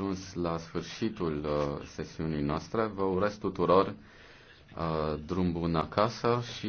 ajuns la sfârșitul uh, sesiunii noastre. Vă urez tuturor uh, drum bun acasă și